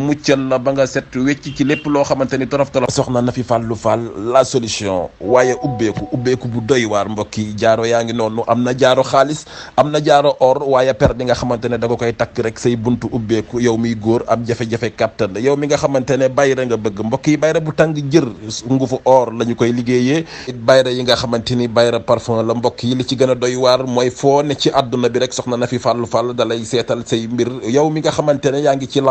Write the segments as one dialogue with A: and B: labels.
A: muccal la ba nga set wecc ci lépp loo xamante ni torof torof soxna na fi fàllu fàll la solution waaye ubbeeku ubbeeku bu doy waar mbokk yi jaaro yaa ngi noonu am na jaaro xaalis am na jaaro or waaye per bi nga xamante ne da nga koy takk rek say buntu ubbeeku yow miy góor am jafe-jafe kàttan yow mi nga xamante ne bayra nga bëgg mbokk yi bayra bu tàng jër ngufu or la koy liggéeyee it yi nga xamante ni bayra parfum la mbokk yi li ci gën a doy waar mooy foo ne ci àdduna bi rek soxna na fi fàllu fàll dalay seetal say mbir yow mi nga xamante ne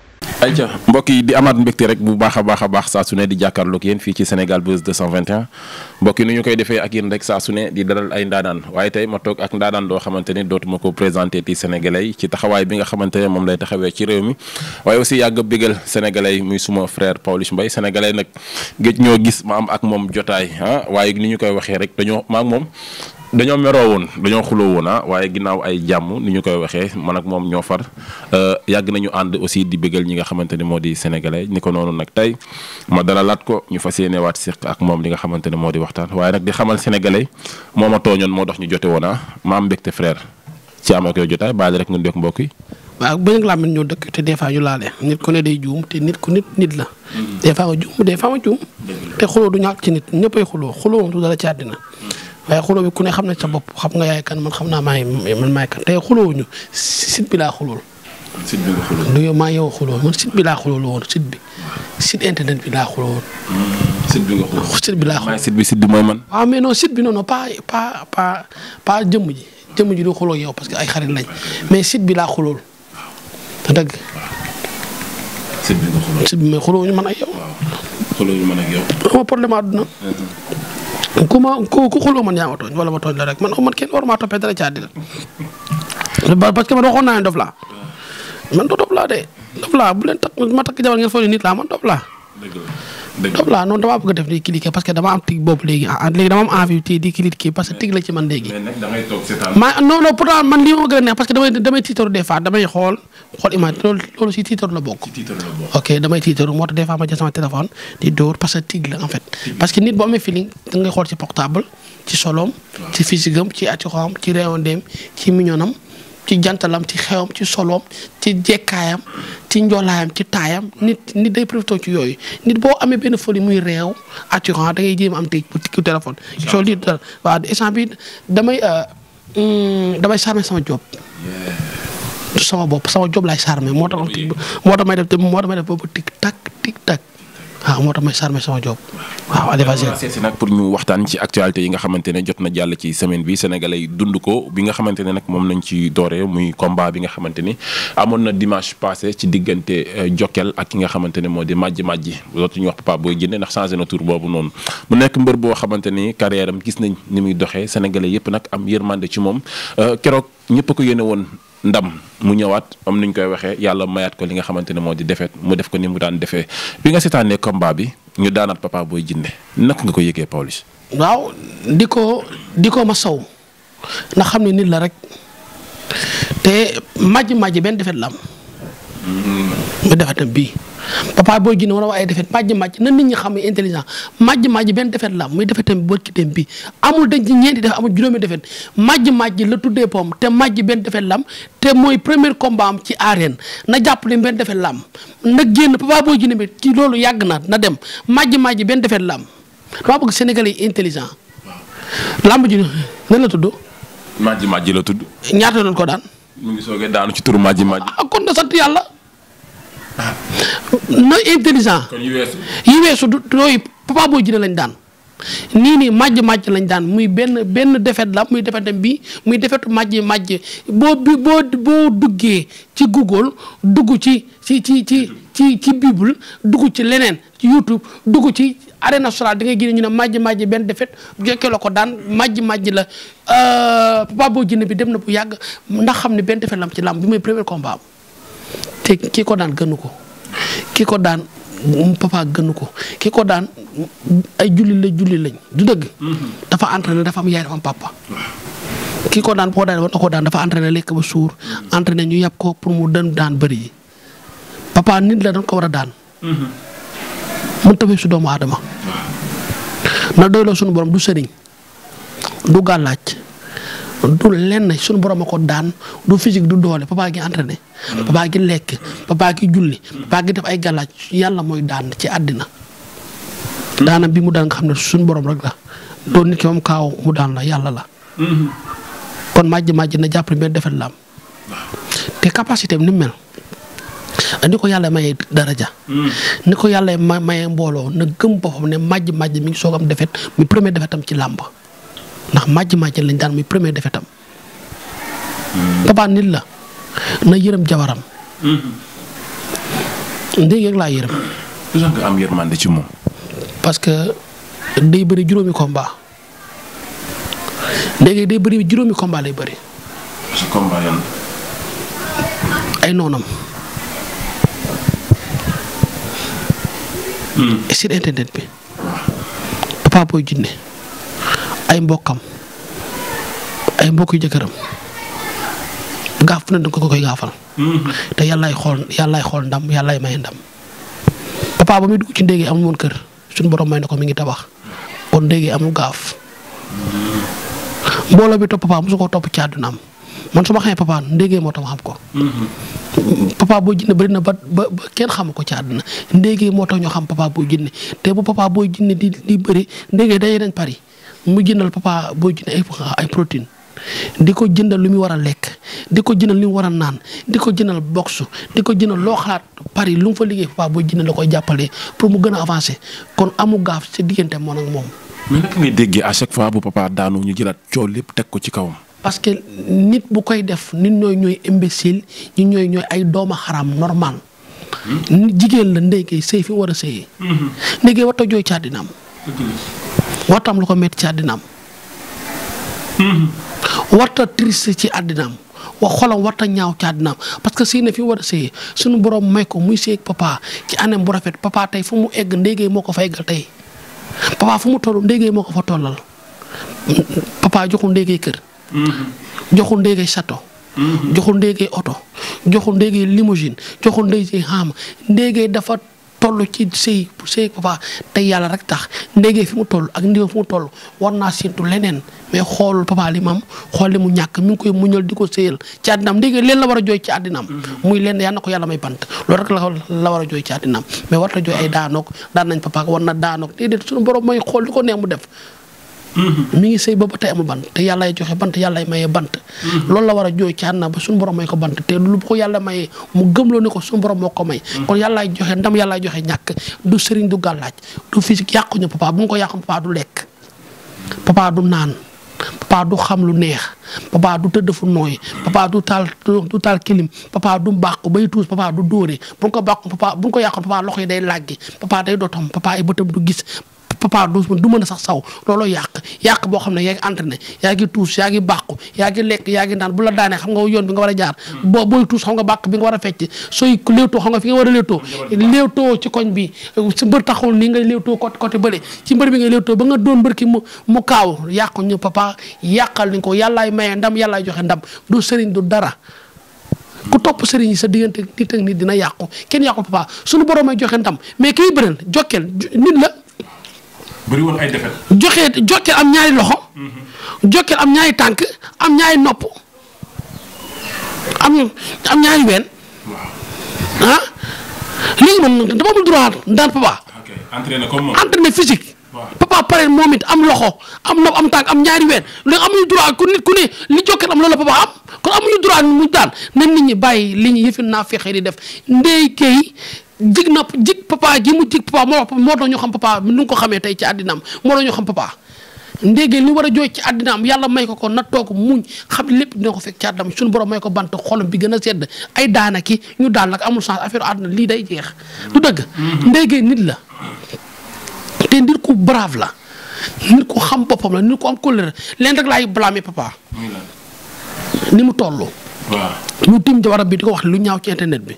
A: ayca mbokk yi di amaat mbégte rek bu baax a baax a baax saa su ne di jàkkaarloog yéen fii ci Sénégal Buzz 221 mbokk yi nu ñu koy defee ak yéen rek sa su ne di dalal ay ndaanaan waaye tey ma toog ak ndaanaan doo xamante ni dootuma ko présenté ti sénégalais yi ci taxawaay bi nga xamante ne moom lay taxawee ci réew mi waaye aussi yàgg a bégal sénégalais yi muy suma frère Pawlish Mbaye sénégalais nag géej ñoo gis ma am ak moom jotaay ah waaye ni ñu koy waxee rek dañoo ma ak moom dañoo meroo woon dañoo xuloo woon ah waaye ginnaaw ay jàmm ni ñu koy waxee man ak moom ñoo far euh, yàgg nañu ànd aussi di bégal ñi nga xamante ne moo di sénégalais ni ko noonu nag tey ma dalalaat ko ñu fas yéene waat seq ak moom li nga xamante ne moo di waxtaan waaye di xamal sénégalais moo ma tooñoon moo tax ñu jote woon ah ma am mbégte frère ci am ak yow jotaay baal rek nga dégg mbokk yi.
B: waaw bañ ak ñoo dëkk te des fois ñu laale nit ku ne day juum te nit ku nit nit la. Mm-hmm. des fois nga juum des fois juum. te xuloo du ñàkk ci nit ñëppay xuloo xuloo du dara ci àddina mm-hmm. waaye xuloo bi ku ne xam na sa bopp xam nga yaay kan man xam naa maay man maay kan tey xuloo du yow maa yow xuloo man site bi laa xulool woon site bi site internet bi laa xuloo woon.
A: site bi xuloo bi laa man.
B: waaw mais non site bi noonu pas pas pas jëmm ji jëmm ji du xuloo yow parce que ay xarit lañ mais site bi laa xulool te xuloo site bi mais xuloo ñu man ak yow. xuloo ñu man ak yow. problème àdduna. ku ma ku ku xuloo man yaa ma tooñ wala ma tooñ la rek man man kenn war maa toppee dara ci àddina parce que man waxoon naa man do dof laa de dof laa bu takk ma takk jabar ngeen foog nit laa man dof laa dëgg la noonu damaa bëgg a def di cliquer parce que dama am tig boobu léegi ah, léegi dama am envie di cliquer parce que tig la ci man léegi. mais
A: nag da ngay
B: man lii ma gën a neex parce que damay damay tiitaru des fois damay xool xool image loolu loolu si tiitaru la bokk. ok damay tiitaru moo tax des fois ma sama téléphone di dóor parce que tig la en fait. parce que nit boo amee feeling da xool ci portable ci solom ci physique am ci ati xoom ci réewam ci mignonam ci jantalam ci xewam ci soloom ci jekkaayam ci njoolaayam ci taayam nit nit day profité ci yooyu nit boo amee benn folie muy réew attirant da ngay jéem am tey pour tikki téléphone. soo lii dara waaw instant bi damay euh, hmm, damay charmer sama job. sama bopp sama job laay charmer moo tax moo tax may def moo tax may def boobu tik tak tik tak. waaw moo tax may charmer sama job
A: waaw Adevasel nag pour ñu waxtaan ci actualité yi nga xamante ne jot na jàll ci semaine bi sénégalais yi dund ko bi nga xamante ne nag moom nañ ci dooree muy combat bi nga xamante ni amoon na dimanche passé ci diggante euh, Jokkel ak ki nga xamante ne moo di Madji Madji dootuñu wax Papa Boy Djiné ndax changé na tur boobu noonu mu nekk mbër boo xamante ni carrière gis nañ ni muy doxee sénégalais yëpp nag am yërmande ci moom euh, keroog ñëpp ko yéene woon ndam mu ñëwaat am nuñ koy waxee yàlla mayaat ko li nga xamante ne moo di defet mu def ko ni mu daan defee bi nga seetaanee combat bi ñu daanaat Papa booy Djiné nakk nga ko yëgee Pawlish.
B: waaw di ko di ko ma sow ndax xam ne nit la rek te majj majj benn defet la am. mu mm. defetam bii. papa booy génn war a wax ay defet màjj na nit ñi xam ne intelligent màjj màjj benn defet la muy defetam bi bërkitam bi amul dañ ci ñeenti def amul juróomi defet màjj màjj la tuddee pom te màjj benn defet te mooy premier combat am ci arène na jàpp ne benn defet la na génn papa booy génn bi ci loolu yàgg na na dem màjj màjj benn defet la am dama bëgg sénégalais yi intelligent lamb ji nan la tudd
A: màjj màjj la tudd
B: ñaata doon ko daan
A: mu ngi soogee daanu ci turu màjj màjj
B: ah, kon na sant yàlla na intelligent. yi weesu du yooyu Papa lañ daan. nii nii màjj màjj lañ daan muy benn benn defet la muy defetam bi muy defetu màjj màjj boo duggee ci Google dugg ci ci ci ci ci ci Bible dugg ci leneen ci YouTube dugg ci Arène Nationale da ngay ñu ne màjj màjj benn defet jokkee la ko daan màjj màjj la euh, Papa Boy bi dem na bu yàgg ndax xam ni benn defet la am ci làmb bi muy premier combat te ki ko daan gënu ko ki ko daan papa gënu ko ki ko daan ay julli la julli lañ du dëgg. Mm-hmm. dafa ne dafa am yaay dafa am papa. kii ko daan boo daan war na ko daan dafa entraîné lekk ba suur mm-hmm. entraîné ñu yàpp ko pour mu dën daan bëri yi papa nit la dañ ko war a daan. mën tafee su doomu na doyloo sunu borom du sëriñ du gàllaaj du lenn suñu borom a ko daan du physique du doole papa gi entraîné. lekk papa gi julli. papa def ay galaaj yàlla mooy daan ci àddina. daana bi mu daan nga xam ne suñu borom rek la. doon nit ki moom kaaw yàlla la. kon màjj na jàpp ne benn defet la am. te ko yàlla mayee daraja. ni ko yàlla mayee mbooloo na gëm boppam ne màjj màjj mi ngi soog am defet mi premier defetam ci làmb. ndax màjj màjjal lañ daan muy premier defetam papa nit la na yërëm jabaram. Mm-hmm. ndéeg rek laa yërëm.
A: nga am yërmande ci moom.
B: parce que day bëri juróomi combat léegi day bëri juróomi combat lay bëri. ay noonam. Hmm. site internet bi. Papa Boy Djiné. ay mbokkam ay mbokk yu jëkkëram gaaf na da nga ko koy gaafal. Mm-hmm. te yàllaay xool ndam yàllaay may ndam. papa ba muy dugg ci ndéegi amul woon kër suñu borom may na ko mi ngi tabax kon ndéegi amul gaaf. Mm-hmm. mbooloo bi topp papa mosu ci àddunaam man su ma xamee papa ndéegee ko. Mm-hmm. papa booy jinne bëri na ba kenn xamu ko ci àdduna ndéegee moo tax ñu xam papa booy jinne te bu papa booy jinne di di bëri ndéegee daje nañ mu jëndal papa boo jënd ay ay protéine di ko jëndal lu muy war a lekk di ko jëndal li mu war a naan di ko jëndal box di ko jëndal loo xalaat Paris lu mu fa liggéey papa boo jëndal la koy jàppale pour mu gën a avancer kon amu gaaf si diggante moom ak moom.
A: mais naka déggee à chaque fois bu papa daanu ñu jëlaat coow lépp teg ko ci kawam.
B: parce que nit bu koy def nit ñooy ñooy imbécile ñu ñooy ñooy ay doomu xaram normal. Hmm? jigéen la ndéykee sëy war a sëyee. Hmm. ndéykee warta jooy ci àddinaam warta am lu ko metti ci àddinaam ci àddinaam wax xolam warta ñaaw ci àddinaam parce que sëy na fi war a sëy suñu borom may ko muy sëy ak ci anam bu rafet papa tey fu mu egg ndéegee moo ko fa eggal tey papa fu mu toll ndéegee moo ko fa tollal papa joxu ndéegee kër joxu ndéegee château joxu ndéegee oto joxu ndéegee limousine joxu ndéegee xaama ndéegee dafa toll ci sëy bu sëy papa tey yàlla rek tax ndéggee fi mu toll ak ndiwa fi mu toll war naa séntu leneen mais xoolul papa li mam xool li mu ñàkk mi ngi koy muñal di ko sëyal ci àddinaam ndéggee leen la war a jooy ci àddinaam mm-hmm. muy leen yàlla na ko yàlla may bant loolu rek la la war a jooy ci àddinaam mais war ta jooy ay daanoog daan nañ papa war na daanoog déedéet suñu borom mooy xool li ko nee mu def mi ngi sey ba ba tey amul bant te yàllaay joxe bant yàllaay maye bant loolu la war a jooy ci àddina ba suñu borom may ko bant te lu ko yàlla maye mu gëmloo ne ko suñu borom moo ko may kon yàllaay joxe ndam yàllaay joxe ñàkk du sëriñ du gàllaaj du physique yàquñu papa bu nga ko yàqu papa du lekk du naan papa du xam lu neex papa du tëdd fu nooy papa du taal du taal kilim papa du bàqu bay tuus papa du dóore bu ko bàqu papa bu ko yàqu papa loxo yi day làggi papa day dotom papa ay bëtam du gis papa du mën a sax saw looloo yàq yàq boo xam ne yaa ngi entraîné yaa ngi tuus yaa ngi bàqu lekk yaa ngi naan bu la daanee xam nga war a jaar hmm. boo booy tuus xam nga bàq bi nga war a fecc sooy léewtoo xam nga fi nga war a léewtoo léewtoo ci koñ bi si mbër taxul nii ngay léewtoo côté côté bële ci mbër bi ngay léewtoo ba nga doon mbër ki mu kaaw yàqu ñu papa yàqal nañ ko yàllaay maye ndam yàllaay joxe ndam du sëriñ du dara ku topp sëriñ sa diggante nit ak dina yàqu kenn yàqu papa suñu borom ay joxe ndam mais kiy bëreel jokkeel nit
A: bëri woon ay defet
B: joxe jokkeel am ñaari loxo. jokkeel am ñaari tànk am ñaari nopp am am ñaari ween. waaw ah léegi man dama amul droit daan papa. am loxo am nopp am tànk am ñaari ween léegi amuñu droit ku nit ku ne li jokkeel am loolu papa am kon amuñu droit mu daan nit ñi bàyyi li yëfin naa fexe di def ndey kay. jig na jig papa gi mu jig papa moo moo tax ñu xam papa nu ko xamee tey ci àddinaam moo tax ñu xam papa ndéegéen li war a jooy ci àddinaam yàlla may ko ko na toog muñ xam lépp dina ko fekk ci suñu borom may ko bant xolam bi gën a sedd ay daana ñu daal amul chance affaire àddina lii day jeex du dëgg mm-hmm. ndéegéen nit la te nit ku la nit ku xam boppam la nit ku am colère ni mu toll ñu tim jabaram bi di ko lu ñaaw ci internet bi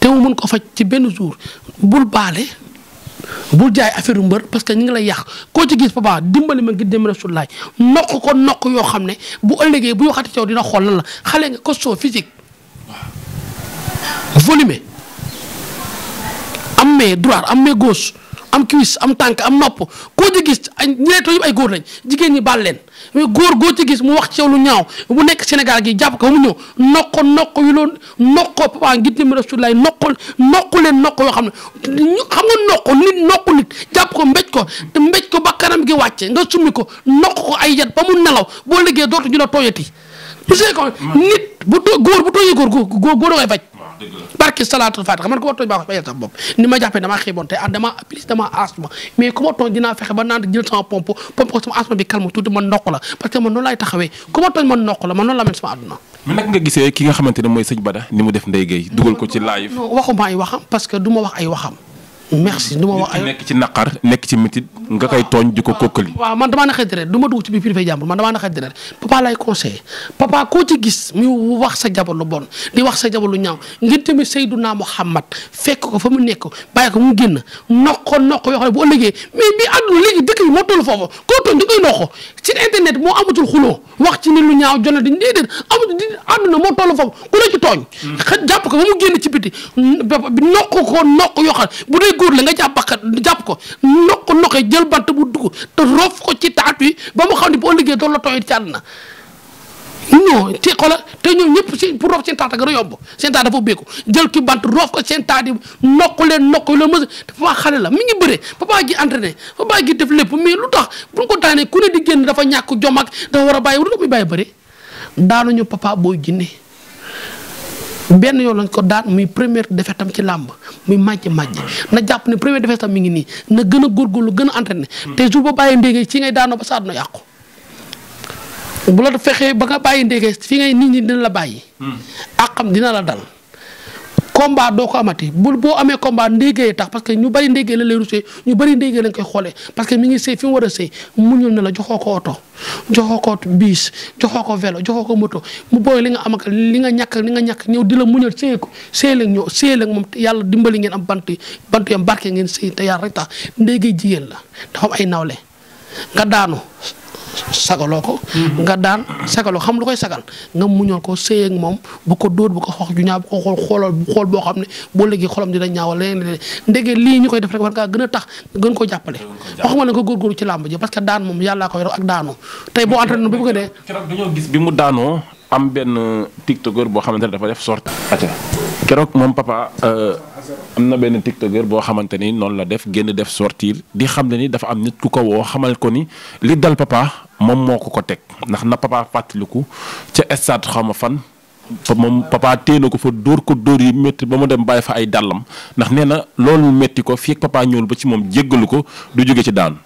B: te mu mën ko faj ci benn jour bul baale bul jaay affaire yu mbër parce que ñu ngi lay yàq koo ci gis papa dimbali ma ngir dem Rasulullaah nokk ko nokk yoo xam ne bu ëllëgee bu waxati caw dina xool lan la xale nga costaud physique volumé am droit am mais am cuisse am tànk am nopp koo ci gis ay ñeentoo yëpp ay góor lañ jigéen ñi baal leen mais góor goo ci gis mu wax ci yow lu ñaaw mu nekk Sénégal gi jàpp ko mu ñëw nokko nokko yu loon nokko papa ngir ne Rasulullah nokko nokko leen nokko yoo xam ne ñu xam nga nokko nit nokko nit jàpp ko mbéj ko te mbéj ko ba kanam gi wàcce nga summi ko nokk ko ay yat ba mu nelaw boo liggéey dootu ñu la tooyati. monsieur ko nit bu góor bu tooyee góor góor góor da koy faj. barki salaatul fatiha man ku ma tooñ baa ko fayal sama bopp ni ma jàppee damaa xiiboon tey ah damaa plus damaa asma mais ku tooñ dinaa fexe ba naan jël sama pompe pompe ko sama asma bi calme tuuti ma ndoq la parce que man noonu laay taxawee ku ma tooñ ma ndoq la man noonu la mel sama àdduna
A: mais nag nga gisee ki nga xamante ne mooy sëñ Bada ni mu def Ndeye Gueye dugal ko ci live
B: waxuma ay waxam parce que du ma wax ay waxam
A: merci ma wax ay nekk ci naqar nekk ci métit nga koy tooñ di ko kokkali.
B: man damaa naxee deret du ma dugg ci biir privé jàmbur man damaa naxee deret papa lay conseillé papa koo ci gis muy wax sa jabar lu bon di wax sa jabar lu ñaaw ngir tamit Seydina Muhammad fekk ko fa mu nekk bàyyi ko mu génn noq ko noq yoo xam ne bu ëllëgee mais bii àdduna bi moo toll foofu koo tooñ di koy noq ci internet moo amatul xuloo wax ci ni lu ñaaw jonne dañ déedéet amatul hmm. ba mu génn ci bu dee góor la nga jàpp bakkat jàpp ko ndox ko ndoxee jël bant bu dugg te roof ko ci taat wi ba mu xam ne boo liggéey doon la tooy ci àdduna non te xoola te ñoom ñëpp si pour roof seen taat gën a yomb seen taat jël ki bant roof seen taat yi nokk leen nokk leen mos papa xale la mi ngi bëre papa ji entraîné papa gi def lépp mais lu tax bu ko daanee ku ne di génn dafa ñàkk jom ak dafa war a bàyyi wala dafa muy bàyyi bëre daanuñu papa booy jinne benn yoon lañ ko daan muy première défaite tam ci làmb muy màjj màjj na jàpp ne première défaite tam mi ngi nii na gën a góorgóorlu gën a entraîné hmm. te jour ba bàyyi ndéegee ci ngay daanoo ba sa àdduna yàqu bu la fexee ba nga bàyyi ndéegee fi ngay nit ñi dina la bàyyi hmm. àqam dina la dal combat doo ko amati bu boo amee combat ndéggee tax parce que ñu bëri ndéggee la lay rusee ñu bëri ndéggee lañ koy xoolee parce que ngi sëy fi mu war a sëy muñul na la joxoo ko oto joxoo ko biis joxoo ko vélo joxoo ko moto mu booy li nga am ak li nga ñàkk li nga ñàkk ñëw di la muñal sëy ko sëy la ñëw sëy la moom yàlla dimbali ngeen am bant bant yam barke ngeen sëy te yàlla rek tax ndéggee jigéen la dafa am ay nawle nga daanu sagaloo ko. nga daan sagaloo xam lu koy sagal nga muñoo koo sëy ak moom bu ko dóor bu ko xoox ju ñaaw bu ko xool xool boo xam ne boo léegi xolom dina ñaawal leneen leneen ndege lii ñu koy def rek war ngaa gën a tax gën ko jàppale. waxuma ne ko góorgóorlu ci làmb ji parce que daan moom yàllaa ko yor ak daanoo tey boo entraîné bi ko dee.
A: keroog gis bi mu daanoo am benn tiktokeur boo xamante ne dafa def sorte. keroog moom papa euh, am na benn tiktokeur boo xamante ni noonu la def génn def sortir di xam ne ni dafa am nit ku ko woo xamal ko ni li dal papa moom moo ko ko teg ndax na papa fàttaliku ca stade xaw ma fan moom papa téye na ko fa dóor ko dóor yi métti ba mu dem bàyyi fa ay dàllam ndax nee na loolu métti ko fii ak ñëwul ba ci moom jéggalu ko du jóge ci daan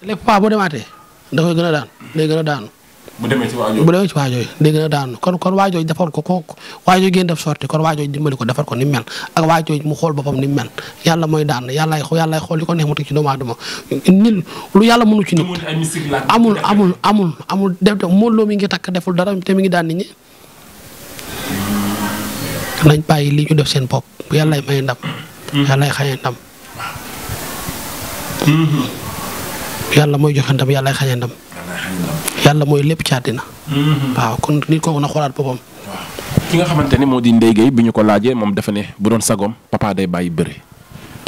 B: day gën bu demee ci waajooy bu demee ci dégg na daanu kon kon waajooy defoon ko ko waajooy ngeen def sorti kon waajooy dimbali ko defar ko ni mu mel ak waajooy mu xool boppam ni mu mel yàlla mooy daan yàllaay yàllaay xool li ko neex mu teg ci doomu aadama nit lu yàlla mënu ci nit amul amul amul amul def def Modou Lo mi ngi takk deful dara te mi ngi daan nit ñi nañ bàyyi li ñu def seen bopp yàlla may ndam mm-hmm. yàllaay xañee ndam mm-hmm. yàlla mooy joxe ndam yàllaay xañee ndam yàlla mooy lépp ci àddina. Mm-hmm. waaw kon nit kooku na xoolaat boppam.
A: ki nga xamante ne moo di Ndeye bi ñu ko laajee moom dafa ne bu doon sagoom papa day bàyyi bëri.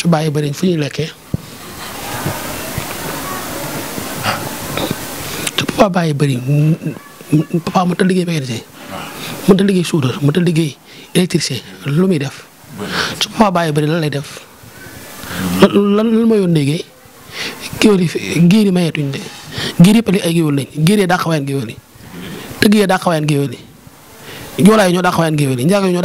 B: su bàyyi bëri fu ñuy lekkee. bàyyi bëri papa mënut a liggéey mécanicien. mënut lu muy def. su papa bàyyi bëri lan lay def. lan lan ma yoon Ndeye Gueye kii woon de. giir ay géwél lañ giir yee daa xawaayaan géwél yi tëgg yee daa xawaayaan yi joolaa yi ñoo daa xawaayaan géwél yi njaago yi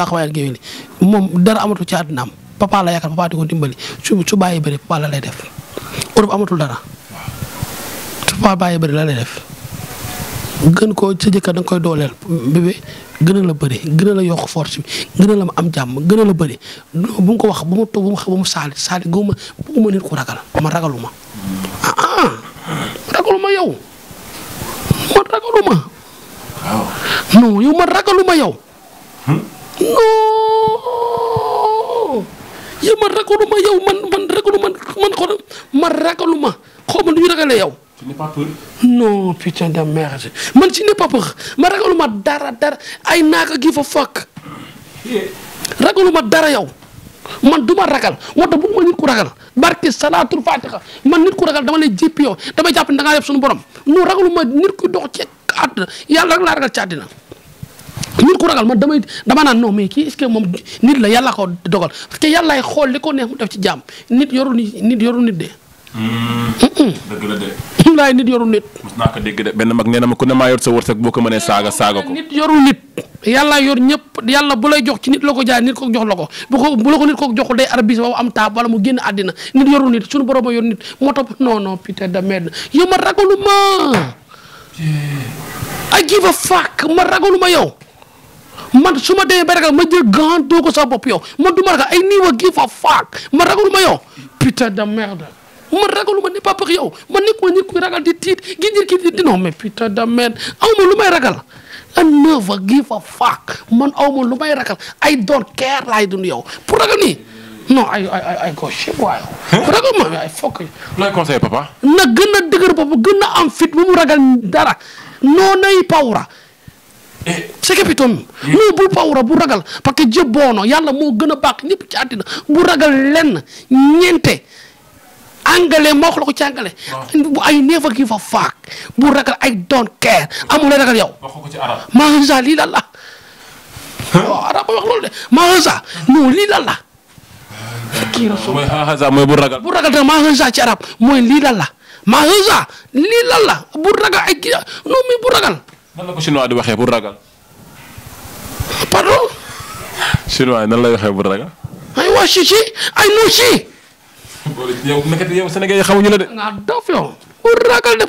B: amatu ci àdduna am la yaakaar dimbali su su bàyyi bëri papa la lay def Europe amatul dara su papa bàyyi bëri gën koo sa jëkkër koy dooleel bébé gën a la bëri gën la yokk force bi gën a la am jàmm gën a la bëri bu mu ko wax bu mu toog bu mu wax saali saali góob ma bëgguma nit ku ragal ma ragaluma ah ah. ragaluma yow man ragaluma. waaw non yow man ragaluma yow. non yow man ragaluma yow man man ragaluma man man ragaluma xaw ma nu ñu ragalee yow. tu n'es pas peur. non man ma ragaluma dara dara ay naaka gi fa fokk ragaluma dara yow. man du ragal moo tax bëgguma nit ku ragal barki salaatul fatiha man nit ku ragal dama lay jéppi yow damay jàpp ne da ngaa def suñu borom non ragaluma nit ku dox ci àddina yàlla rek laa ragal ci àddina nit ku ragal man damay dama naan non mais kii est-ce moom nit la yàlla ko dogal parce que yàllaay xool li ko neex mu def ci jàmm nit yoru nit yoru nit de. Mm-hmm. dëgg la de. laay nit yorul nit.
A: mos naa de benn mag nee na ma ku ne maa yor sa wërsëg boo ko mënee saaga saaga ko.
B: nit yorul nit yor ñëpp yàlla bu lay jox ci nit la ko jaay nit ko jox la ko bu ko bu la ko nit ko joxul day arbis am taab wala mu génn àddina nit yorul nit suñu borom a yor nit moo tax non non putain de merde yow ma ragalu ma. give a fuck ma ragalu yow. man su ma demee ba ma jël gant doo ko sa bopp yow man du ma ragal ay nii wa give a fuck ma ragalu ma yow putain de merde. man ragaluma ne papa yow man nekkuma nit kuy ragal di tiit gi njër ki di non mais putain de merde awma lu may ragal am neuf give a fuck man awma lu may ragal I don't care laay dund yow pour ragal nii non ay go shit waay ragal ma ay fokk looy conseil bu mu ragal dara noo nay pawra eh. c'est capitaine non bu pawra bu ragal parce que jëboono yàlla moo gën a baax ñëpp ci àddina bu ragal lenn ñeente anglais moo wax la ko ci anglais. waaw ay never give a fuck bu ragal ay don't care amul la ragal yow. wax ko ci arab maa lii lan la. waaw arab wax loolu de maa non lii lan la. kii mooy bu ragal. bu ragal ci arab mooy lii lan la maa lii lan la bu ragal ay kii non mais bu ragal.
A: nan la pardon. chinois nan lay waxe bu ragal.
B: ay waa si ay noo loolu yow nekk yow Sénégal yi xamuñu la de. de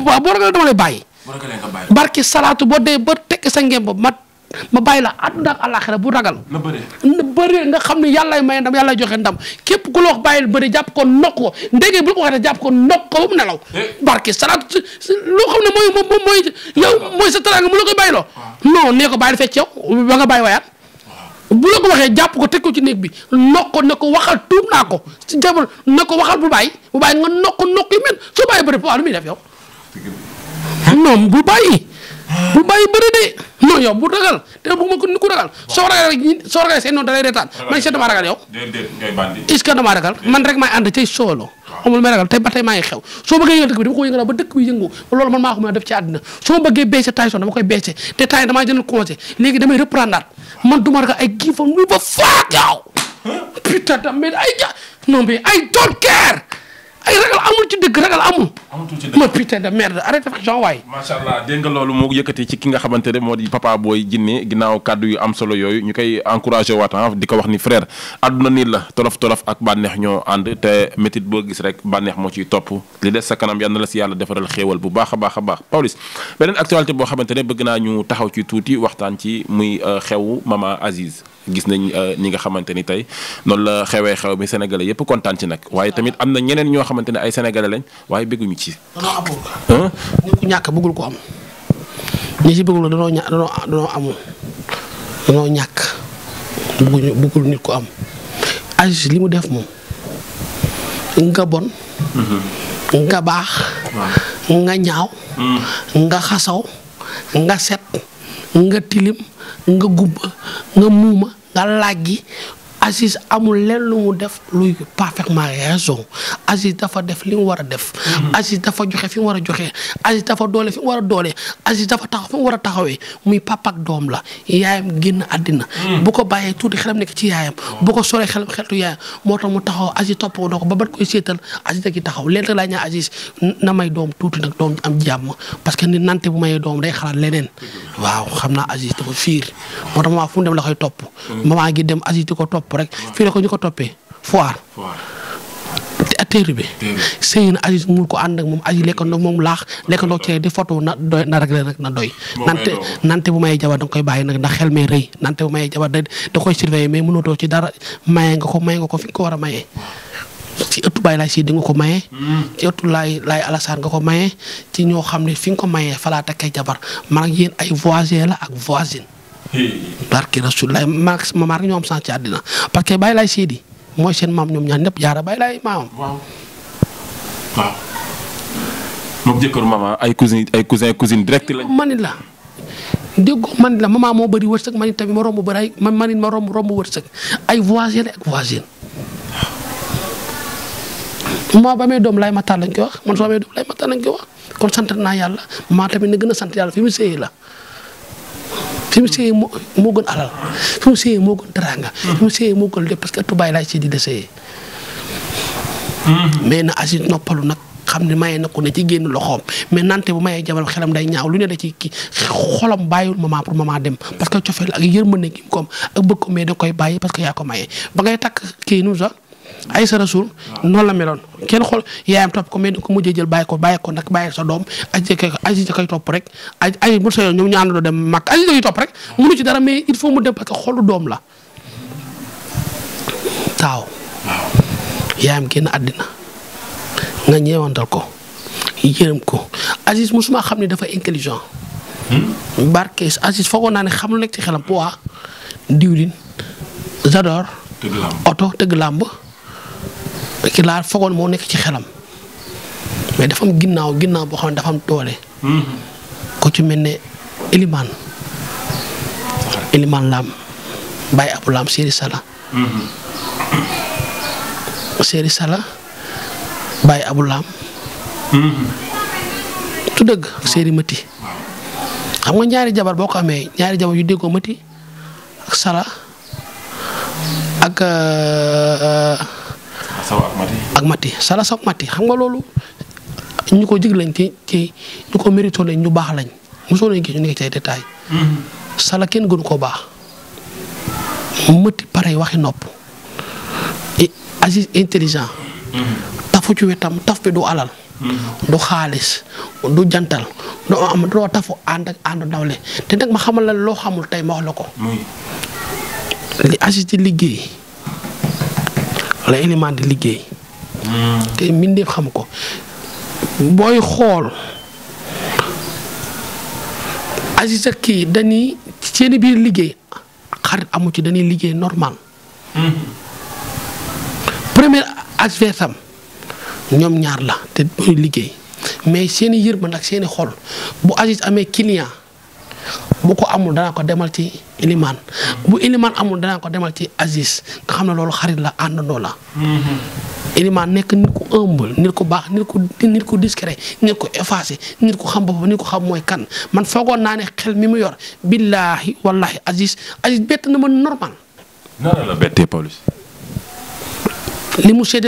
B: papa boo ragal dama lay bàyyi.
A: boo ragalee
B: barki salaatu boo dee ba tekki sa ngeen ma ma bàyyi la àdduna ak àllaaxira bu ragal. na bëree na nga xam ne yàllaay may ndam yàllaay joxe ndam képp ku la wax bàyyil bëri jàpp ko nokk ko ndege bu la ko waxee jàpp ko nokk ko ba mu nelaw. Eh. barki salaatu loo xam ne mooy mooy yow mooy sa teraanga mu la koy bàyyiloo. non nee ko bàyyi fecc yow ba nga bàyyi waayaat bu la ko waxee jàpp ko teg ko ci néeg bi nokk ko ko waxal tuub naa ko ci jamono ne ko waxal bu bàyyi bu bàyyi nga nokk nokk yi mel soo bàyyi bëri def yow. non bu bàyyi. Ah. bu bàyyi bëri de non yow bu ragal te bu ma ko ni ko ragal. soo ragal soo ragal seen noonu da lay retaan man est-ce que damaa ragal yow.
A: déedéet ngay bandi. est-ce
B: que damaa ragal man rek maay ànd cay may ragal tey ba tey maa ngi xew soo bëggee yëngal dëkk bi dama ko yëngal ba dëkk bi yëngu loolu man maa ko mën a def ci àddina soo bëggee baissé tension dama koy baissé te temps yi damaa jënd conseil léegi damay reprendre man du ma ragal I give a fuck yow. putain damn it I ja non mais I don't care ay ragal amul ci dëgg ragal amul. ma putain de merde arrêté fa Jean waay. macha
A: allah dégg nga loolu moo yëkkati ci ki nga xamante ne moo di papa booy jinne ginnaaw kàddu yu am solo yooyu ñu koy encouragé waat ah, di ko wax ni frère àdduna nii la tolof tolof ak bànneex ñoo ànd te métit boo gis rek bànneex moo ciy topp li des sa kanam yal na la si yàlla defaral xéewal bu baax a baax a baax Pawlish beneen actualité boo xamante ne bëgg naa ñu taxaw ci tuuti waxtaan ci muy euh, xewu mama Aziz gis nañ ñi euh, nga xamante ni tey noonu la xewee xew bi sénégalais yëpp kontaan ci nag waaye tamit am na ñeneen ñoo xamante ne ay sénégalais ci. danoo
B: ñàkk bëggul ko am ñi ci bëggul danoo ña danoo ñàkk bëgguñu nit ko am Aziz li mu def moom nga bon. Mm-hmm. nga baax. nga ñaaw. Mm. nga xasaw nga set nga tilim nga gubba nga muuma nga laaj Aziz amul lenn lu mu def luy parfaitement raison Aziz dafa def li mu war a def. Mm-hmm. Aziz dafa joxe fi mu war a joxe Aziz dafa doole fi war a doole Aziz dafa taxaw fi mu war a taxawee muy papa doom la yaayam génn àddina. Mm. bu ko bàyyee tuuti xelam nekk ci yaayam. bu ko soree xelam xeltu yaayam moo tax mu taxaw Aziz toppoo doo ko ba bat koy seetal Aziz da taxaw léeg laa ñaa Aziz na may doom tuuti nag doom am jàmm parce que ni nante bu mayee doom day xalaat leneen waaw xam naa Aziz dafa fiir moo tax maa fu mu dem la koy mm. ko topp. rek. fii la ko ñu ko toppee foire. téere bi sëy na aji mun ko ànd ak moom aji lekkandoo moom laax lekkandoo cere di foto na doy na na doy nante nante bu mayee jabar danga koy bàyyi nag ndax xel may rëy nante bu mayee jabar da da koy surveiller mais mënatoo ci dara maye nga ko maye nga ko fi nga ko war a mayee ci ëttu bàyyi laay si di nga ko maye hmm. ci ëttu laay laay alasaan nga ko maye ci ñoo xam ne fi nga ko mayee falaa takkee jabar man ak ay voisin la ak voisine barke Rasulullah maak sama maar ñoo am sant ci àddina parce que bàyyi mooy seen maam ñoom ñaan ñëpp jaara bàyyi laay maamam.
A: moom jëkkër maman ay cousin ay cousin cousine direct lañ.
B: manit la déggoo manit la maman moo bëri wërsëg manit tamit ma romb bëri ay man manit ma romb romb wërsëg ay voisine ba doom laay matal lañ koy wax man soo amee doom laay yàlla maa tamit na gën a sant yàlla fi mu séyee la. si mu seeyee moo moo gën alal fi mu seeyee moo gën teraanga. fi parce que ëttu bàyyi laay si di la seeyee. Hmm. mais na asi noppalu nag xam ne maye na ko ne ci génn loxoom mais nante bu mayee jabar xelam day ñaaw lu ne da ci kii xolam bàyyiwul maman pour maman dem parce que cofeel ak yërmande gi mu koom ak bëgg ko mais da koy bàyyi parce que yaa ko maye ba ngay takk kii nu mu Aïssa Rasoul noonu la meloon kenn xool yaayam topp ko mais da ko mujjee jël bàyyi ko bàyyi ko nag bàyyi sa doom Aziz da Aziz da topp rek ay ay bu sa dem mag Aziz da koy topp rek mënu ci dara mais il faut mu dem parce que xolu doom la taaw yaayam génn àddina nga ñeewantal ko yërëm ko Aziz musuma xam ne dafa intelligent hmm? barke Aziz foogoon naa ne xam lu nekk ci xelam poids diwlin zador oto tëgg làmb ki laa fogoon moo nekk ci xelam mais dafa ginnaaw ginnaaw boo xam ne dafa am doole. Mm-hmm. ci mel ne Eliman Eliman Lam Baye Abou Lam Seri Sala. Mm-hmm. Seri Sala Baye Abou Lam. Mm-hmm. tu dëgg Seri Mati. xam nga ñaari jabar boo ko amee ñaari jabar yu déggoo Mati ak Sala ak. Euh, euh, saw ak ak mati sala saw mati xam loolu ñu ko jig lañ ci ci ñu ko baax lañ mosoo leen gis ñu nekk mm-hmm. kenn gënu koo baax mëti pare waxi nopp Aziz intelligent mm-hmm. tafu ci wetam taf bi du alal mm-hmm. du xaalis du jantal du am doo tafu ànd ak nawle te nag ma xamal la loo xamul tey ma wax la ko li Aziz liggéey la élément di liggéey. te mbindeef xam ko booy xool Aziz ak kii dañuy seeni biir liggéey xarit amu ci dañuy liggéey normal. premier adversaire am ñoom ñaar la te duñu liggéey mais seeni i yërmande ak seen i xol bu Aziz amee client bu ko amul danaa ko demal ci. Ilimaan bu Ilimaan amul danaa ko demal ci Aziz nga xam na loolu xarit la àndandoo la. Ilimaan mm-hmm. nekk nit ku humble nit ku baax nit ku nit ku discret nit ku effacé nit ku xam mooy kan man foogoon naa ne xel mi mu yor billaahi wallaahi Aziz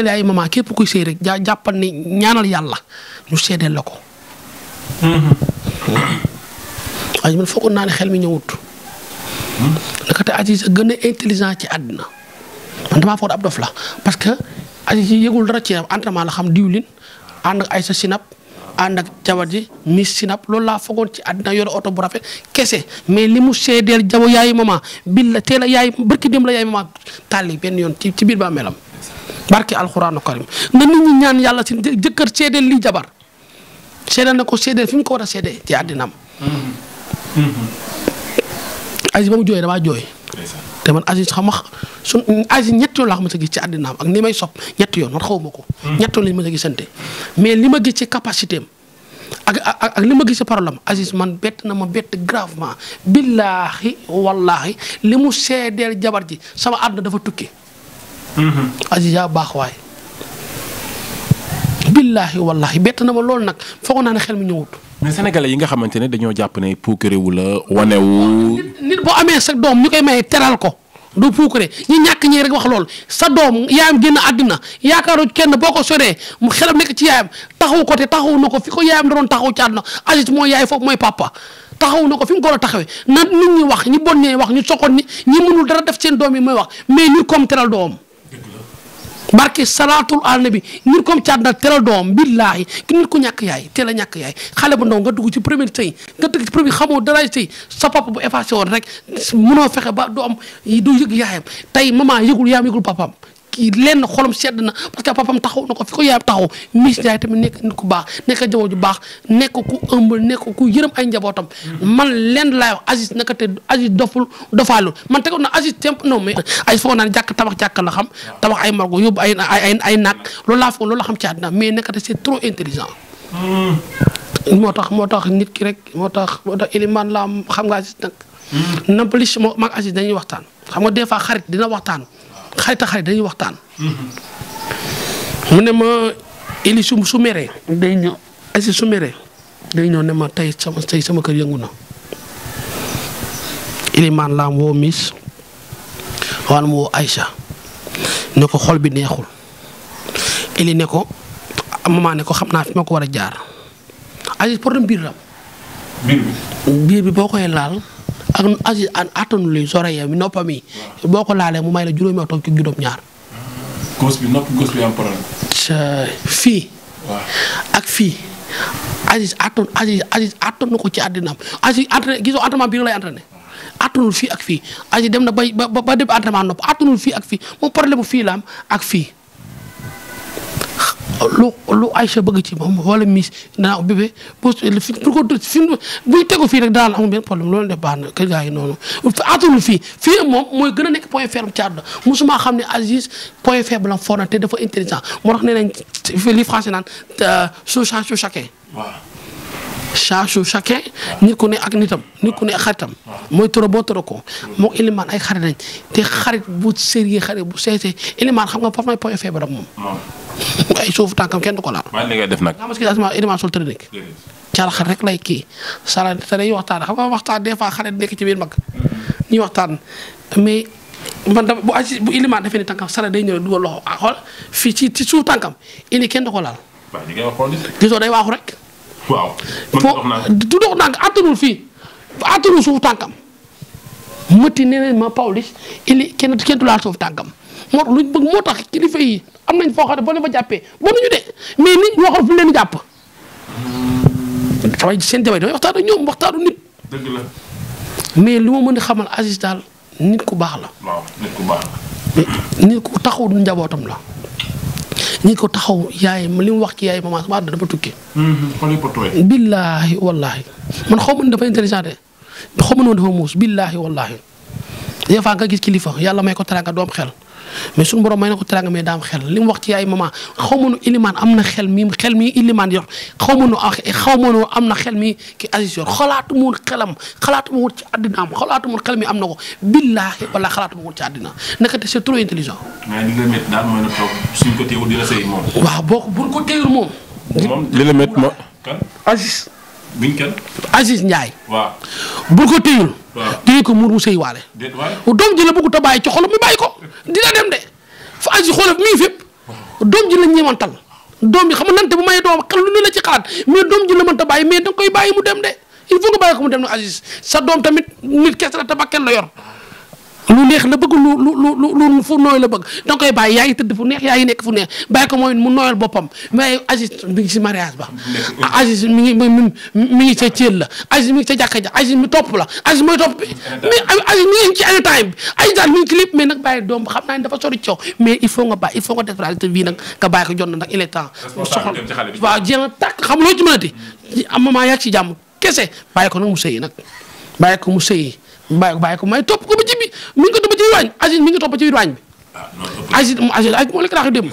B: ay maman képp kuy séy rek jaa jàppal ñaanal yàlla ñu séddale la ko. Mm-hmm. waaye man ne xel mi ñëwut. ndekete Aziz a gën a intelligent ci àddina man damaa foog ab dof la parce que Aziz yi yëgul dara ci yaram entraînement la xam diwlin ànd ay sa sinap ànd ak jabar ji miss sinap loolu laa foogoon ci àddina yore oto bu rafet kese mais li mu seedeel jaw yaayu mama bil la teel yaay barki dem la yaay mama tàlli benn yoon ci ci biir ba melam barki alxuraanu karim na nit ñi ñaan yàlla si jëkkër seedeel li jabar seedeel na ko seedeel fi ko war a seedee ci àddinaam mm-hmm. Mm-hmm. Aziz ba mu jooyee damaa jooy. te man Aziz xam wax su Aziz ñett yoon laa xam sa gis ci àddinaam ak ni may sob ñetti yoon man xaw ko. Hmm. ñett yoon lañ ma sa gisante mais li ma gis ci capacité ak li ma gis ci parole am man bett na ma bett gravement billaahi wallaahi li mu seedeel jabar ji sama àdduna dafa tukki. Hmm. Aziz yaa baax waay. billaahi wallaahi bett na ma loolu nag foog naa ne xel mi ñëwut.
A: mais yi nga xamante ne dañoo jàpp ne puukarewu la wanewu.
B: nit boo amee sa doom ñu koy maye teral ko. du puukare ñi ñàkk ñi rek wax loolu sa doom yaayam génn àddina yaakaaru kenn boo ko soree mu xelam nekk ci yaayam taxawu ko te taxawu na ko fi ko yaayam da doon taxaw ci àdduna Aziz mooy yaay foofu mooy papa taxawu na ko fi mu ko a taxawee na nit ñi wax ñi bon ñee wax ñu soxoon ni ñi mënul dara def seen doom yi mooy wax mais ñu comme teral doom barke salaatul alnabi ngir comme caat nag teel a doom billaahi ki nit ko ñàkk yaay teel a ñàkk yaay xale bu ndaw nga dugg ci premier sey nga dugg ci premier xamoo daraay sëy sa papa bu effacé woon rek mënoo fexe ba doom am du yëg yaayam tey maman yëgul yaam yëgul kii lenn xolam sedd na parce que papam taxaw na ko fi ko yaayam taxaw Miss Ndiaye tamit nekk nit ku baax nekk jaww ju baax nekk ku ëmb nekk ku yërëm ay njabootam. man lenn laay wax Aziz naka te Aziz doful dofaalul man tegoon na Aziz temp non mais Aziz foog naa ne jàkk tabax la xam tabax ay margo yóbbu ay ay ay naag loolu laa foog loolu la xam ci àddina mais naka te c'est trop intelligent. Hmm. moo tax moo tax nit ki rek moo tax moo tax Elimane laa xam nga Aziz nag. Hmm. Nampalys moo mag Aziz dañuy waxtaan xam nga des fois xarit dina waxtaan. xarit ak xarit dañuy waxtaan. Mm-hmm. mu ne ma Eli su su meree day ñëw day ñëw ne ma tey sama tey sama kër yëngu na. Ilimaan laam woo Miss waan mu woo Aïcha ne ko xol bi neexul Eli ne ko maman ne ko xam naa fi ma ko war a jaar Aziz problème biir la biir bi boo koy laal. ak asi an attanu li soreya mi noppam yi. boo ko laalee mu may la juróomi at ak juróom-ñaar.
A: gos bi nopp gos bi am problème.
B: fii. ak fii. Aziz attan Aziz ko ci àddinaam Aziz entraîné gisoo entraînement bii lay entraîné fii ak fii Aziz dem na ba ba ba dem entraînement nopp attanul fii ak fii moom problème mu fii la ak fii. lu lu Aïcha bëgg ci moom wala Miss danaa bébé boo fi pour ko fi buy tegu fii rek daal amul benn problème loolu def baax na kër gaa yi noonu atul fii fii moom mooy gën a nekk point faible ci àdduna maa xam ne Aziz point faible am foog na te dafa intelligent moo tax nee nañ li français naan euh, sous chacun sous charge chacun nit ku ne ak nitam nit ku ne ak xaritam mooy toro boo toro ko moom ilimaan ay xarit lañ te xarit bu sérieux xarit bu seetee ilimaan xam nga foofu may point faible moom ay suufu tànkam kenn du ko laal
A: daa
B: mas ki asma ilimaan sol tëddék rek lay kii sala te dañuy waxtaan xam nga waxtaan des fois xarit nekk ci biir mag ñuy waxtaan mais man da bu bu ilimaan defee ni tànkam sala day ñëw dugal loxo ah xool fii ci ci suuf tànkam ini kenn du laal gisoo day waaxu rek waaw du dox ndànk attanul fii attanul suuf tànkam mëtti nee nañ ma Pawlish ili kenn kenn du laal suuf tànkam moo tax luñ bëgg moo tax kilifa yi am nañ foo xam ne boo leen fa jàppee ba nuñu de mais nit ñoo xam fu leen jàpp. damay seen jabar damay waxtaan ak ñoom waxtaanu nit. mais li ma mën a xamal Aziz daal nit ku baax la. nit ku baax taxawu njabootam la. ñi ko taxaw yaay li mu wax ci yaay maman sama àdduna dafa tukki. xool yi poto yi. billaahi wallaahi man xaw ma ne dafa intelligent de xaw ma ne dafa muus billaahi wallaahi des fois nga gis kilifa yàlla may ko teraanga doom xel. mais suñu borom may na ko teraanga mais daa am xel li mu wax ci ay maman xaw ma nu ilimaan am na xel mi xel mi ilimaan yor xaw ma nu xaw ma nu am na xel mi ki Aziz yor xalaatu xelam xalaatu mu ci àddinaam xalaatu xel mi am na ko billaahi wala xalaatu mu woon ci àddinaam naka te c'est trop intelligent.
A: mais li la métti daal mooy na toog suñ ko teewul dina ko teewul moom. li la métti ma Aziz. buñ kenn. Aziz Ndiaye. waaw
B: bu ko téyul. waaw téye muur mu sëy waale. déet waay doom ji la bëgg ta bàyyi ci xolam mi bàyyi ko dina dem de fa Aziz xoolal mi ngi fépp doom ji la ñeewantal doom bi xam nga nante bu mayee doom xel lu ne la ci xalaat mais doom ji la mënta bàyyi mais danga koy bàyyi mu dem de il faut nga bàyyi ko mu dem nag Aziz sa doom tamit nit kees la tabakken la yor. lu neex la bëgg lu lu lu lu fu nooy la bëgg da koy bàyyi yaa ngi tëdd fu neex yaa ngi nekk fu neex bàyyi ko mooy mu nooyal boppam mais Aziz mi ngi si mariage ba Aziz mi ngi mi ngi ca Thiel la Aziz mi ngi ca jàkka ja Aziz mi topp la Aziz mooy topp bi mais Aziz mi ngi ci any time bi Aziz daal mi ngi ci lépp mais nag bàyyi doom xam naa ne dafa sori coow mais il faut nga bàyyi il faut nga def réalité bii nag nga bàyyi ko jot na nag il est temps soxla waaw jéem a tàkk xam loo ci mënati am moment yaa ci jàmm kese bàyyi ko nag mu sëyi nag bàyyi ko mu sëyi bàyyi ko ko may topp ko ba ci bi mi ngi ko topp ci mi ngi topp ci biir waañ bi. Ah, Aziz mu Aziz ak moom la Karax dem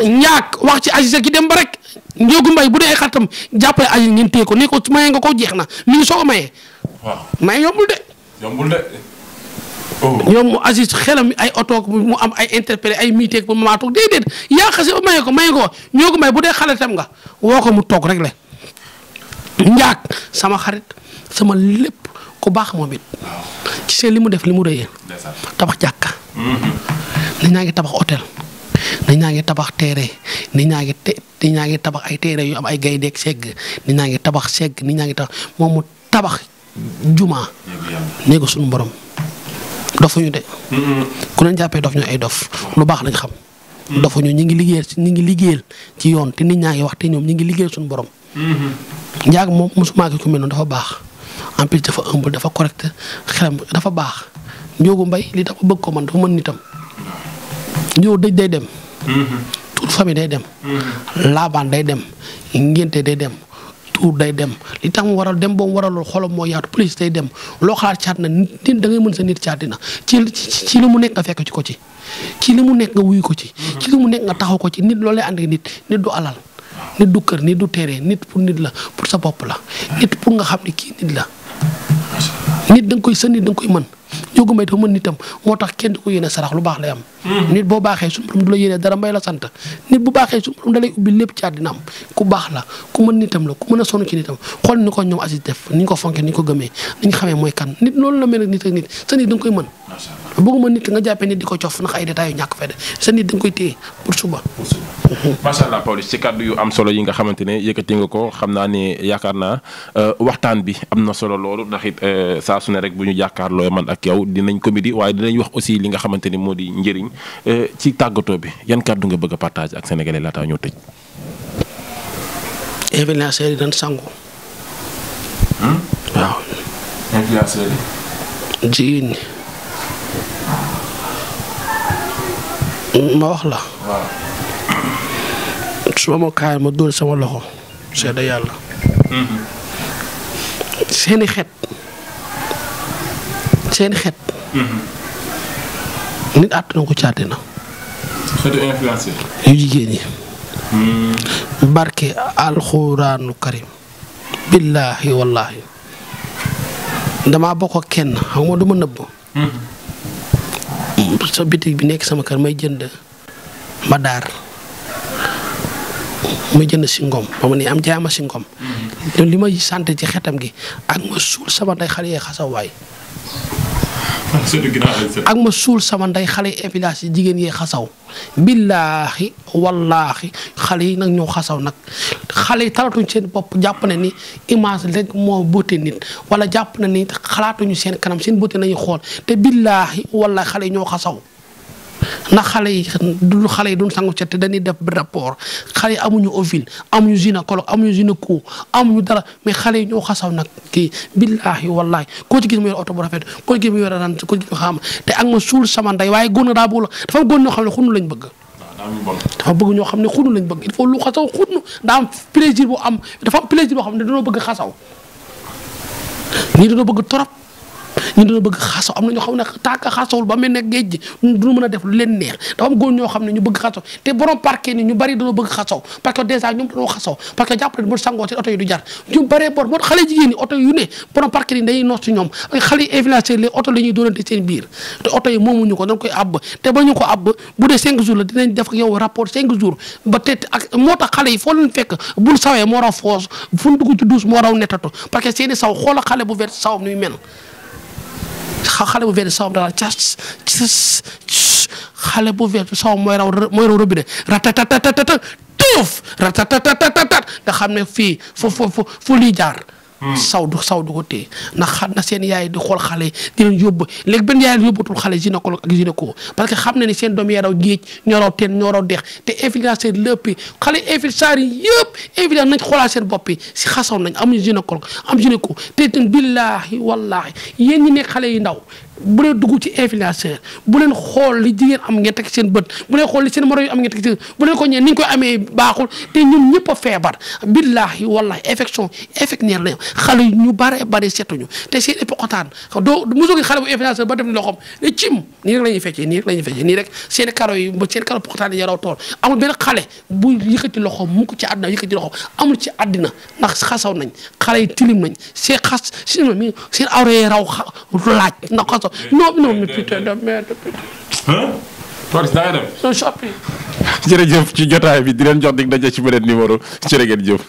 B: ñaak wax ci Aziz ki dem ba rek Ndiogou mbay bu dee ay xaritam jàppale Aziz ko ne ko maye nga ko jeex na mi ngi soo ko mayee. waaw maye yombul de.
A: yombul de. Oh.
B: yow ay oto mu am ay interpellé ay miiteeg ba maa toog déedéet yaa xase ko maye ko Ndiogou bu dee xaritam nga woo ko mu toog rek la. ñaak sama xarit sama lépp. ku baax moom it. ci seen li mu def li mu rëyee. tabax jàkka. nit ñaa ngi tabax hôtel. nit ñaa ngi tabax teere nit ñaa ñaa ngi tabax ay teere yu am ay gayndeek segg nit ñaa ngi tabax segg nit ñaa ngi tabax moom mu tabax juma. néegu suñu borom. dofuñu de. ku leen jàppee dof ñu ay dof lu baax lañ xam. dofuñu ñu ngi liggéeyal ñu ngi liggéeyal ci yoon te nit ñaa ngi wax te ñoom ñu ngi liggéeyal suñu borom. njaag moom mosuma ko mel noonu dafa baax. en plus dafa humble dafa correct xelam dafa baax Ndiogou Mbaye li dafa bëgg ko man dafa mën nitam Ndiogou dëj day dem. Mm-hmm. tuur famille day dem. Mm-hmm. laabaan day dem ngénte day dem. tuur day dem li tax mu waral dem boobu waralu xolam mooy yaatu police day dem loo xalaat caat na nit da mën sa nit caati na ci ci li mu nekk nga fekk ci ko ci. ci li mu nekk nga wuyu ko ci. Mm-hmm. ci li mu nekk nga taxaw ko ci nit loolee ànd nit nit du alal. nit du kër nit du téere nit pour nit la pour sa bopp la nit pour nga xam ne kii nit la nit da nga koy sa nit da nga koy mën Ndiogou Mbaye dafa mën nitam moo tax kenn du ko yéene sarax lu baax lay am hmm. nit boo baaxee suñu borom du la yéene dara mbay da lay ubbi lépp ci àddina ku baax la ku mën nitam la ku mën a sonn ci nitam xool ni ko ñoom Aziz def ni ñu ko fonkee ni ñu ko gëmee ni xamee mooy kan nit loolu la mel nit a nit sa nit da nga koy mën bëgguma nit nga jàppee nit di ko cof ndax ay détails yu ñàkk fede sa nit da koy téye pour suba.
A: macha allah Pawlish ci kàddu yu am solo yi nga xamante ne yëkkati nga ko xam naa ne yaakaar naa euh, waxtaan bi am na solo loolu ndax it euh, saa su rek bu ñu jàkkaarloo man ak yow dinañ comédie waaye dinañ wax aussi li nga xamante ne moo di njëriñ euh, ci tàggatoo bi yan kàddu nga bëgg a partage ak sénégalais laataa ñoo tëj.
B: ma wax la. su ma ma kaay ma dóor sama loxo seede yàlla. seeni xet seeni xet. nit àtt na ko caate yu jigéen ñi. barke alxuraanu karim. billaahi wallaahi. damaa bokk kenn xam nga du ma nëbb. sa bitig bi nekk sama kër may jënd ma daar may jënd si ngom ba ma ne am jaama si ngom loolu mm-hmm. li may sant ci xetam gi ak ma suul sama nday xale yee xasawaay
A: ak
B: ma suul sama ndey xale yi village yi jigéen yee xasaw billaahi wallaahi xale yi nag ñoo xasaw nag xale yi talatuñ seen bopp jàpp na ni image rek moo bote nit wala jàpp na ni xalaatuñu seen kanam seen bote nañu xool te billaahi wallaahi xale yi ñoo xasaw ndax xale yi du xale yi duñ sangu set te dañuy def rapport xale yi amuñu ovule amuñu gynécologue amuñu gynéco amuñu dara mais xale yi ñoo xasaw nag kii billaahi wallaahi koo ci gis mu yor oto bu rafet koo ci gis mu yor daan koo ci mu xam te ak ma suul sama ndey waaye góor na daa bëgg la dafa am góor ñoo xam ne bëgg. dafa bëgg ñoo xam ne xunu lañ bëgg il faut lu xasaw xunu am plaisir bu am dafa am plaisir boo xam ne dañoo bëgg xasaw ñii bëgg trop ñu dina bëgg xasaw am na ñoo xam ne tàkk xasawul ba mel ne géej gi duñu mën a def lu leen neex dafa am góor ñoo xam ne ñu bëgg xasaw te borom parquet ni ñu bari dañoo bëgg xasaw parce que dèjà parce que jàpp ne moo sangoo seen oto yi du jar ñu baree bor moo xale jigéen ñi oto yu ne borom parquet yi dañuy noos ci ñoom xale yi influenceur les oto la ñuy doonante seen biir te oto yi moomuñu ko dañ koy àbb te ba ñu ko àbb bu dee cinq jours la dinañ def ak yow rapport cinq jours ba te ak moo tax xale yi foo leen fekk bul sawee moo raw foos fu dugg ci duus moo raw nettatu parce que seeni saw xoola xale bu vert sawam nuy mel xale bu vert sawam dana cas cas xale bu vert sawam mooy raw mooy raw robinet ratatatata tuuf ratatatatatatat nga xam ne fii fu fu fu lii jaar Hmm. saw du saw du ko téye ndax xam na seen yaay di xool xale di leen yóbbu léegi benn yaay yóbbatul xale gynécologue ak gynéco parce que xam na ni seen doom yee raw géej ñoo raw teen ñoo raw deex te influenceur lépp xale influenceur yi yëpp influenceur nañ seen bopp yi si xasaw nañ amuñu gynécologue am gynéco te itam billaahi wallaahi yéen ñi nekk xale yi ndaw bu leen dugg ci influenceur bu leen xool li jigéen am ngeen teg seen bët bu leen xool li seen moroom yi am ngeen teg seen bu leen ko ñëwee ni ñu koy amee baaxul te ñun ñëpp a feebar billaahi wallaahi infection infectionnelle la xale yu ñu bare bare seetuñu te seen époqotaan doo mosoo gi xale bu influenceur ba def ni loxoom ne cim nii rek la ñuy feccee nii rek la ñuy feccee nii rek seen karo yi seen karo poqotaan yi yaraw tool amul benn xale bu yëkkati loxoom mu ko ci àddina yëkkati loxoom amul ci àddina ndax xasaw nañ xale yi tilim nañ seen xas seen awra raw laaj ndax xasaw non non mais putain de merde putain.
A: Papis naa dem. ci jotaay bi di leen jox dig daje ci beneen numéro jërë ngeen jëf.